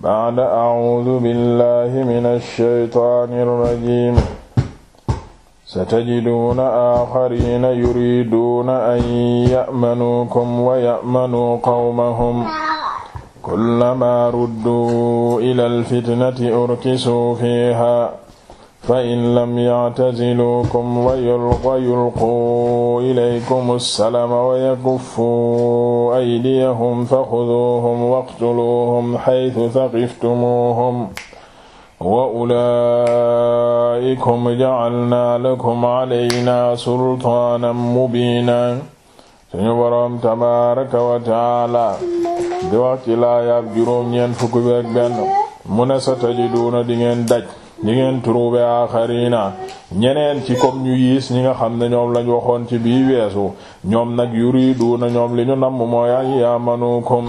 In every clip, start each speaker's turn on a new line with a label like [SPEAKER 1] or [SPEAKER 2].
[SPEAKER 1] ba'da a'uudu billahi mina shaytaani rajiim satajiduuna aaxariina yuriiduuna an ya'manuukum wa ya'manuu qawmahum kullamaa rudduu ilal fitnati urkisuu fiihaa fa in lam yactaziluukum wa yulquu ilaykum assalama wa yakuffuu aydiyahum faxuduuhum waqtuluuhum xaytu saqiftumuuhum wa ulaa'ikum jacalnaa lakum calaynaa sultaanan mubiinan suñu boroom tabaaraka wa tacaala di wax ci laayaab juróom ñeent fukk ak benn mu ne sa tajiduuna di ngeen daj ñi ngeen trouvé axarina ñeneen ci comme ñu yiis ñi nga xam ne ñoom lañu waxoon ci bii weesu ñoom nag yuriduna ñoom li ñu namm mooy ay yamanukum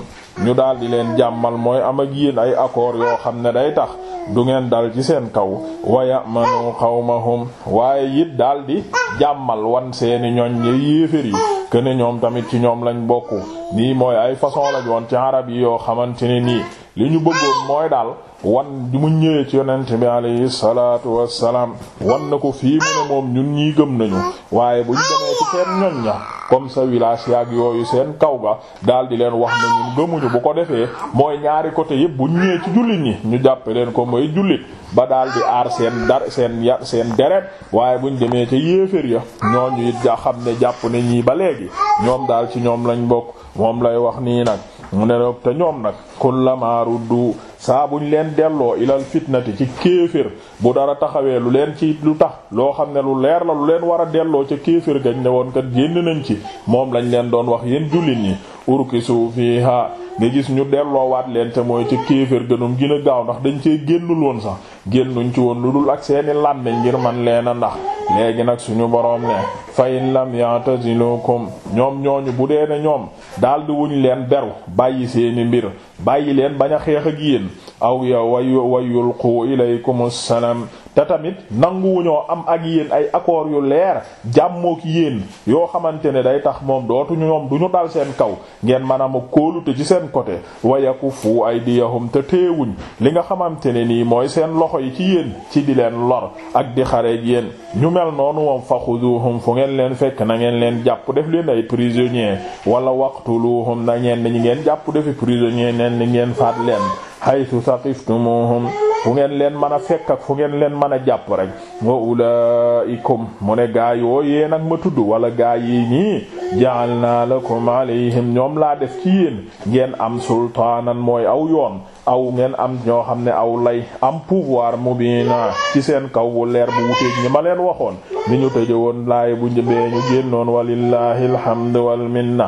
[SPEAKER 1] ñu daal di leen jàmmal mooy am ak yéen ay accord yoo xam ne day tax du ngeen dal ci seen kaw waya
[SPEAKER 2] manu xawmahum waaye it daal di jàmmal wan seeni ñoñ ñe yéefér yi kene ñoom tamit ci ñoom lañ bokk nii mooy ay façon lañ woon ci arab yi yoo xamante ne nii li ñu bëggoo mooy daal wan mu ñëwee ci yonent bi alayhi salaatu wassalaam wan na ko fii mu ne moom ñun ñii gëm nañu waaye buñ demee ci seen ñoñ ña comme sa village yaag yooyu seen kaw ga daal di leen wax ne ñun gëmuñu bu ko defee mooy ñaari côté yëpp bu ñëwee ci jullit ñi ñu jàppe leen ko mooy jullit ba daal di aar seen dar seen seen deret waaye buñ demee ca yéefér ya ñooñu it xam ne jàpp ne ñii ba léegi ñoom daal ci ñoom lañ bokk moom lay wax nii nag mu ne rek te ñoom nag kullama ruddu du buñ leen delloo ilal fitnati ci kéefër bu dara taxawee lu leen ci lu tax loo xam ne lu leer la lu leen war a delloo ca kéefër gañ ne woon kat génn nañ ci moom lañ leen doon wax yéen jullit ñi urkisu fiha nga gis ñu delloowaat leen te mooy ca kéefër gënum gën a gaaw ndax dañ cee génnul woon sax génnuñ ci woon lu dul ak seeni làmmiñ ngir man leen a ndax léegi nag suñu boroom ne fa in lam ya'tazilukum ñoom ñooñu bu dee ne ñoom daldi wuñ leen beru bàyyi seeni mbir bàyyi leen bañ a xeex ak yéen aw ya way wayulqu ilaykum te tamit nanguwuñoo am ak yéen ay accords yu leer jàmmook yéen yoo xamante ne day tax moom dootuñu ñoom du ñu dal seen kaw ngeen maanaam kóolute ci seen côté wayaku fu ay diyahum te teewuñ li nga xamante ne nii mooy seen loxo yi ci yéen ci di leen lor ak di xareeg yéen ñu mel noonu moom fakhuduhum fu ngeen leen fekk na ngeen leen jàpp def leen ay prisonnier wala waqtuluhum na ñeen ñi ngeen jàpp defi prisonnier neen ni ngeen faat leen haythu saqiftumuhum fu ngeen leen mën a fekk ak fu ngeen leen mën a jàpp rek wa ulaikum mu ne gaa yooyee nag ma tudd wala gaa yi ñii jaal ja'alna lakum alayhim ñoom laa def ci yéen ngeen am sultaanan mooy aw yoon aw ngeen am ñoo xam ne aw lay am pouvoir mubina ci seen kaw bu leer bu wuteeg ñi ma leen waxoon bi ñu tëje woon laay bu njëbee ñu génnoon walillahi alhamdu
[SPEAKER 1] wal minna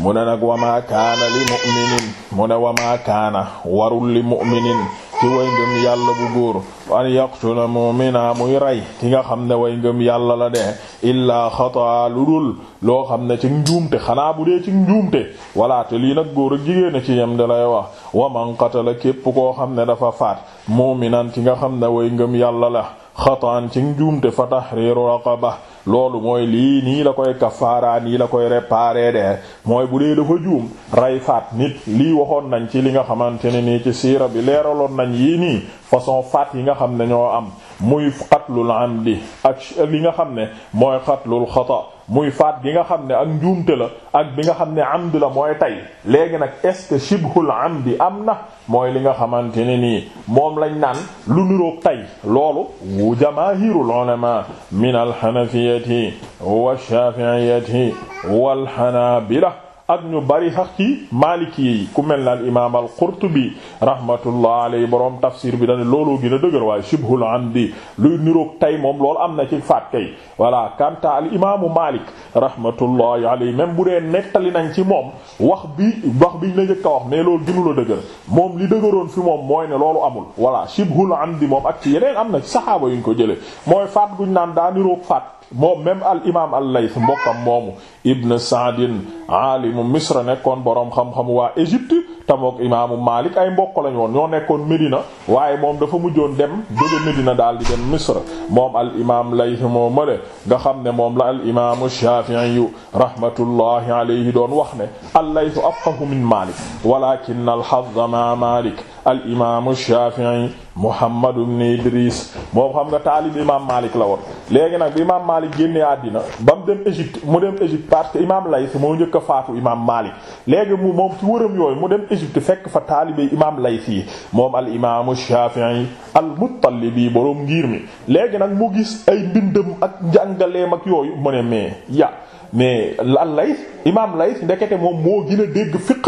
[SPEAKER 1] mu ne nag wamaa kaana li mu'minin mu ne wamaa kaana warul li mu'minin ci way ngëm yàlla bu góor an yaqtula
[SPEAKER 2] mu'mina muy rey ki nga xam ne way ngëm yàlla la de illaa xataa lu dul loo xam ne ci njuumte xanaa bu dee ci njuumte walla te lii nag góor ak jigéen a ci yem da lay wax waman la képp koo xam ne dafa faat mu'minan ki nga xam ne way ngëm yàlla la xataan ci juumte fa tahriru raqaba loolu mooy lii nii la koy kafaara nii la koy réparer de mooy bu dee dafa juum rey faat nit lii waxoon nañ ci li nga xamante ne nii ci siira bi leeraloon nañ yi nii façon faat yi nga xam ne ñoo am muy qatlul amdi ak li nga xam ne mooy qatlul xata muy faat gi nga xam ne ak njuumte la ak bi nga xam ne amd la mooy tey léegi nag est-ce que shibhul amdi am na mooy li nga xamante ne nii moom lañ naan lu niroog tey loolu wu jamaahirul ulama min alxanafiyati wa shafi'iyati wal xanaabila ak ñu bari sax ci maaliki yi ku mel na al imaam al qurtubi rahmatullah alayhi borom tafsir bi dane looloo gën a dëgër waaye shibhul amdi luy niroog tay moom loolu am na ci faat kay voilà kanta al imaamu malik rahmatullahi alayhi même bu dee nettali nañ ci moom wax bi wax biñ la njëkk a wax mais loolu gënu la dëgër moom li dëgëroon fi moom mooy ne loolu amul voilà shibhul amdi moom ak ci yeneen am na ci saxaaba yuñ ko jëlee mooy faat guñ naan daa niroog faat moom même al imaam al-Layth mbokkam moomu ibn Saadin aalimu Misra nekkoon boroom xam-xam waa Égypte tamook imaamu Malik ay mbokk lañ woon ñoo nekkoon Médina waaye moom dafa mujjoon dem jóge Médina daal di dem Misra moom al imaam Layth moo male nga xam ne moom la al imaamu Shafi'i yu rahmatullahi alayhi doon wax ne al-Layth afqahu min Malik walakin al-hadd ma Malik al imaamu Shafi'i Muhammad ibn Idris moom xam nga taalib imaam Malik la woon léegi nag bi imaam Malik génnee àddina ba mu dem Égypte mu dem Égypte parce que imaam Layth moo njëkk a faatu imaam Malik léegi mu moom ci wërëm yooyu mu dem Égypte fekk fa taalibe imaam Layth yi moom al imaamu Shafi'i al Muttalibi boroom ngir mi léegi nag mu gis ay mbindam ak njàngaleem ak yooyu mu ne mais ya mais al Layth imaam Layth ndekete moom moo gën dégg fiq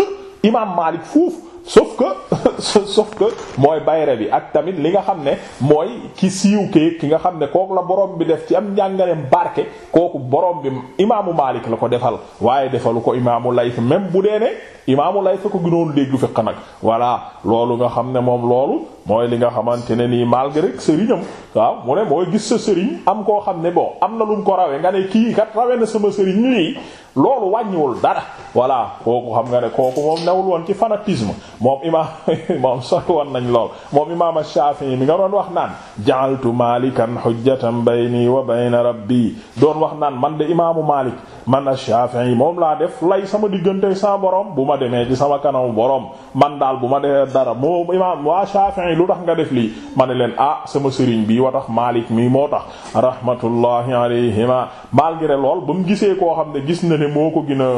[SPEAKER 2] imaam Malik foofu sauf que sauf que mooy bayre bi ak tamit li nga xam ne mooy ki siiw kee ki nga xam ne kooku la borom bi def ci am njàngaleem barke kooku borom bi imaamu Maalik la ko defal waaye defalu ko imaamu Layth même bu dee ne imaamu Layth ko gënoon dégg fiq nag voilà loolu nga xam ne moom loolu mooy li nga xamante ne nii malgré sëriñam waaw mu ne mooy gis sa sëriñ am koo xam ne bon am na lu ko rawee nga ne kii kat rawee na sama sëriñ lii loolu wàññiwul dara voilà kooku xam nga ne kooku moom newul woon ci fanatisme moom imaam moom sori woon nañ lool moom imaam Shafi'i mi nga doon wax naan ja'altu malikan hujjatan bayni wa bayna rabbi doon wax naan man de imaamu Malik man Shafi'i moom laa def lay sama diggante sa borom bu ma demee ci sama kanamu boroom man daal bu ma defee dara moom imaam waa Shafi'i lu tax nga def lii ma ne leen ah sama sëriñ bi wa tax Malik mi moo tax rahmatullahi alayhima malgré ne moo ko gën a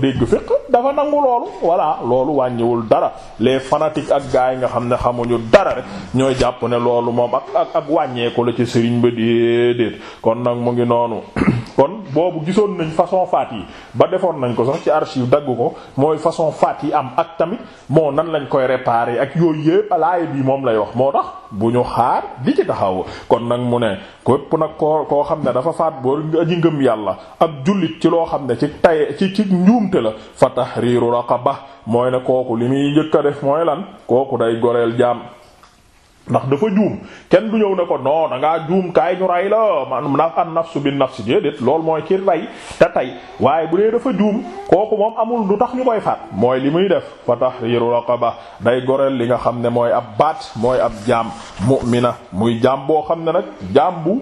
[SPEAKER 2] dégg fiq dafa nangu loolu voilà loolu wàññiwul dara les fanatiques ak gars yi nga xam ne xamuñu dara rek ñooy jàpp ne loolu moom ak ak ak wàññeeku la ci sëriñ ba déedéet kon nag mu ngi noonu kon boobu gisoon nañ façon faat yi ba defoon nañ ko sax ci archive dagg ko mooy façon faat yi am ak tamit moo nan lañ koy réparé ak yooyu yëpp laay bi moom lay wax moo tax bu ñu xaar di ci taxaw kon nag mu ne képp nag koo koo xam ne dafa faat boo aji ngëm yàlla ab jullit ci loo xam ne ci tay ci ci njuumte la fa tahriru ba mooy ne kooku li muy njëkk a def mooy lan kooku day goreel jaam ndax dafa juum kenn du ñëw ne ko non da ngaa juum kaay ñu rey la man na an nafsu bin nafsi déedéet loolu mooy ci rey te tey waaye bu dee dafa juum kooku moom amul lu tax ñu koy faat mooy li muy def fa tahriru ba day goreel li nga xam ne mooy ab baat mooy ab jaam na muy jaam boo xam ne nag jaam bu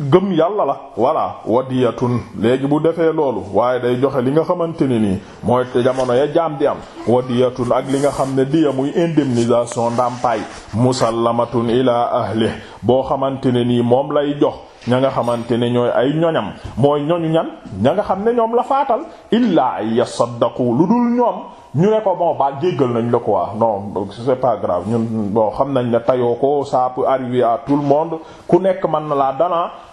[SPEAKER 2] gëm yàlla la voilà wadiyatun léegi bu defee loolu waaye day joxe li nga xamante ne nii mooy jamono ya jaam di am wadiyatun ak li nga xam ne diya muy indemnisation ndàmpaay musallamatun ila ahli boo xamante ne nii moom lay jox ña nga xamante ne ñooy ay ñoñam mooy ñoñu ñan ña nga xam ne ñoom la faatal illaa ay yasaddaqu lu dul ñoom ñu ne ko bon ba jéggal nañ la quoi non c'est pas grave ñun bon xam nañ ne tayoo ko ça peut arriver tout le monde ku nekk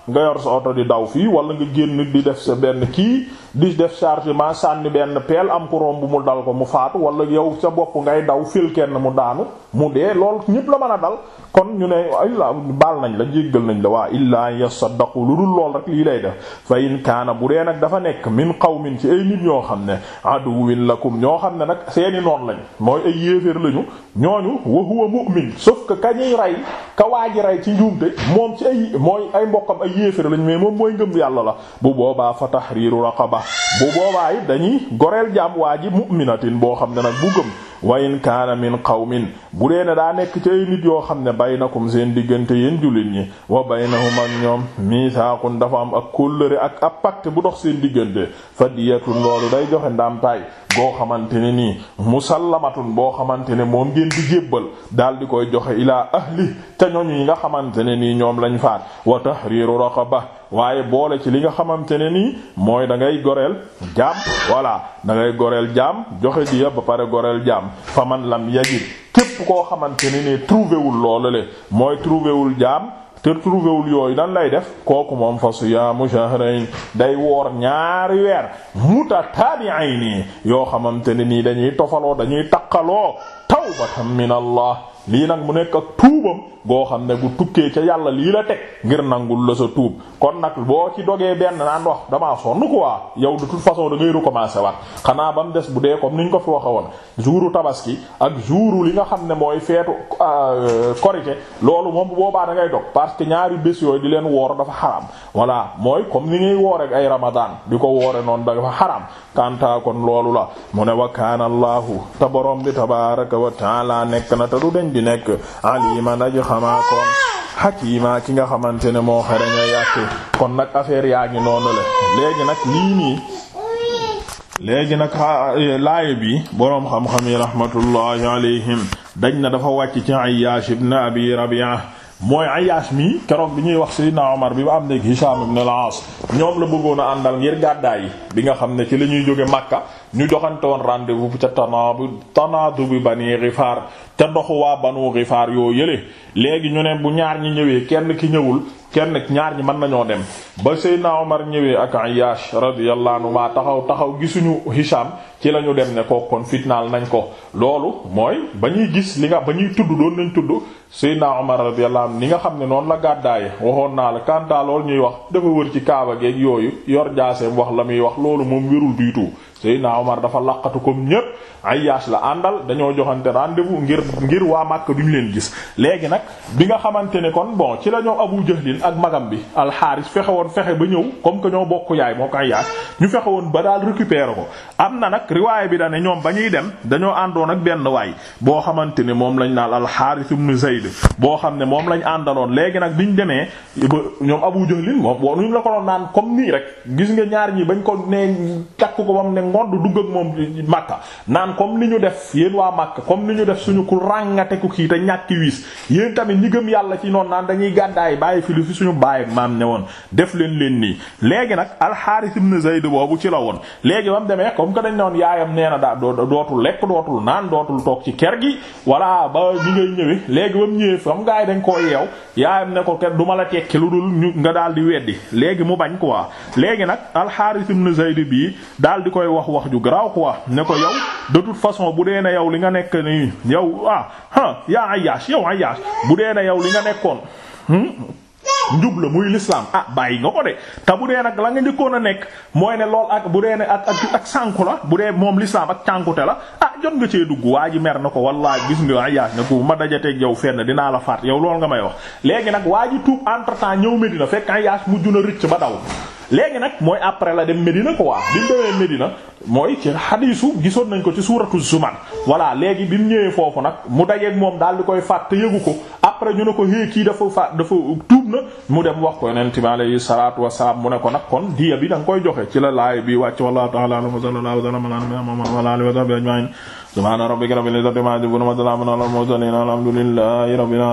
[SPEAKER 2] nga yor sa oto di daw fii wala nga génn di def sa benn kii di def chargement sànni benn peel am ko bu mu dal ko mu faatu wala yow sa bopp ngay daw fil kenn mu daanu mu dee lool ñépp la mën a dal kon ñu ne illa baal nañ la jéggal nañ la waa sa yasaddaqu lu dul lool rek lii lay def fa kaana bu dee nag dafa nekk min qawmin ci ay nit ñoo xam ne aduwwin lakum ñoo xam ne nag seeni noon lañ mooy ay yéeféer lañu ñooñu wa huwa mu'min sauf que ka waaji rey moom ci ay mooy ay yéefér mais moom mooy ngëm yàlla la bu boobaa fa tahriru raqaba bu boobaa it dañuy goreel jaam waa ji mu'minatin boo xam ne nag bu gëm wa in xaw min bu dee ne daa nekk ci ay nit yoo xam ne baynakum seen diggante yéen jullit ñi wa baynahum ak ñoom misaaqun dafa am ak kóllëre ak ab pacte bu dox seen diggante fa diyatun loolu day joxe ndàmpaay boo xamante ne nii musallamatun boo xamante ne moom ngeen di jébbal daal di koy joxe ilaa ahli te ñoñu yi nga xamante ne nii ñoom lañ faat wa tahriru ba waaye boole ci li nga xamante ne nii mooy da ngay goreel jaam voilà da ngay goreel jaam joxe diya ba pare goreel jaam faman lam yajid képp koo xamante ne nii trouvé wul loolu le mooy trouvé wul jaam te trouvé wul yooyu nan lay def kooku moom fa siyaamu shahrayn day woor ñaari weer mutataabi'ayn yoo xamante ne nii dañuy tofaloo dañuy takkaloo tawbatan min Allah lii nag mu nekk ak tuubam goo xam ne bu tukkee ca yàlla lii la teg ngir nangul la sa tuub kon nag boo ci dogee benn naan wax damaa sonn quoi yow de toute façon da ngay recommencer waat xanaa ba mu des bu dee comme ni ñu ko fi waxe woon jouru tabaski ak jouru li nga xam ne mooy feetu euh, korite loolu moom bu boobaa da ngay dog parce que ñaari bés yooyu di leen woor dafa xaram voilà mooy comme ni ngay woor ak ay ramadan di ko woore noonu dafa xaram kanta kon loolu la mu ne wa kaana allahu te borom bi tabaraka wa nekk na te du deñ di nekk aliman aji xamaa kon hakima ki nga xamante ne moo xereña yàq kon nag affaire yaa ngi noonu le léegi nag lii nii léegi nag laaya bi boroom xam-xam yi rahmatullahi alayhim dañ na dafa wàcc ci Ayyash ibn Abi Rabi'a mooy Ayyash mi keroog bi ñuy wax Sayyidina Umar bi ba am nekk Hisham ibn al ñoom la bëggoon a àndal ngir gàddaay yi bi nga xam ne ci la ñuy jóge Makka ñu joxante woon rendez-vous bu ca tanabu tanadu bi bani Gifaar te ndoxu waa banu Gifaar yoo yële léegi ñu ne bu ñaar ñi ñëwee kenn ki ñëwul kenn ñaar ñi mën nañoo dem ba Seydina Omar ñëwee ak Ayyash radiyallahu anhu maa taxaw taxaw gisuñu Hisham ci la ñu dem ne ko kon fitnaal nañ ko loolu mooy ba ñuy gis li nga ba ñuy tudd doon nañ tudd Seydina Omar radiyallahu anhu ni nga xam ne noonu la gàddaaye waxoon naa la kanta loolu ñuy wax dafa wër ci kaaba geeg yooyu yor jaaseem wax la muy wax loolu moom wérul du Seydina Omar dafa laqatu comme ñépp Ayyash la àndal dañoo joxante rendez-vous ngir ngir waa Makka duñu leen gis léegi nag bi nga xamante ne kon bon ci la ñoom Abu Jahlin ak magam bi alxaaris fexe woon fexe ba ñëw comme que ñoo bokk yaay moo ko Ayyash ñu fexe woon ba daal récupérer ko am na nag riwaay bi da ne ñoom ba ñuy dem dañoo àndoon ak benn waay boo xamante ne moom lañ naan alxaaris ibn Zayd boo xam ne moom lañ àndaloon léegi nag biñ ñu la ko doon naan comme nii rek gis nga ñaar ñi bañ ko ne takk ko bam ngodd dugg ak moom Makka naan comme ni ñu def yéen waa Makka comme ni ñu def suñu ku ràngate ku kii te ñàkki wiis yéen tamit ñi gëm yàlla ci noonu naan dañuy gàddaay bàyyi fi lu fi suñu bàyyi maam ne woon def leen leen nii léegi nag alxaaris ibn Zayd boobu ci la woon léegi ba mu demee comme que dañ ne woon yaayam nee na daa dootul dootul naan dootul toog ci kër gi voilà ba ñi ngay léegi ba mu ñëwee fam gaa yi dañ koo yeew yaayam ne ko kat du ma la tekki lu dul ñu nga daal di weddi léegi mu bañ quoi léegi nag alxaaris ibn Zayd bi daal koy wax wax ju garaaw quoi ne ko yow de toute façon bu dee ne yow li nga nekk nii yow ah ah yaa Ayyash yow Ayyash bu dee ne yow li nga nekkoon. Hmm, njub la muy lislaam ah bàyyi nga ko de te bu dee nag la nga njëkkoon a nekk mooy ne lool ak bu dee ne ak ak ak sànku la bu dee moom lislaam ak cànkute la ah jot nga cee dugg waa ji mer na ko wallaahi gis nga ayaas ne ko ma dajateeg yow fenn dinaa la faat yow lool nga may wax léegi nag waa ji tuub entre temps ñëw Medina fekk ayaas mujj na rëcc ba daw léegi nag mooy après la dem Medina quoi bi mu demee Medina mooy xadiisu gisoon nañ ko ci suuratu Zumar voilà léegi bi mu ñëwee foofu nag mu dajeeg moom daal di koy fàtt te yëgu ko après ñu ne ko hé kii dafa fa dafa tuub na mu dem wax ko yonent bi alayhi salaatu wassalaam mu ne ko nag kon diya bi da koy joxe ci la laay bi wàcc
[SPEAKER 1] wallahu ta'ala wa sallallahu wa sallama ala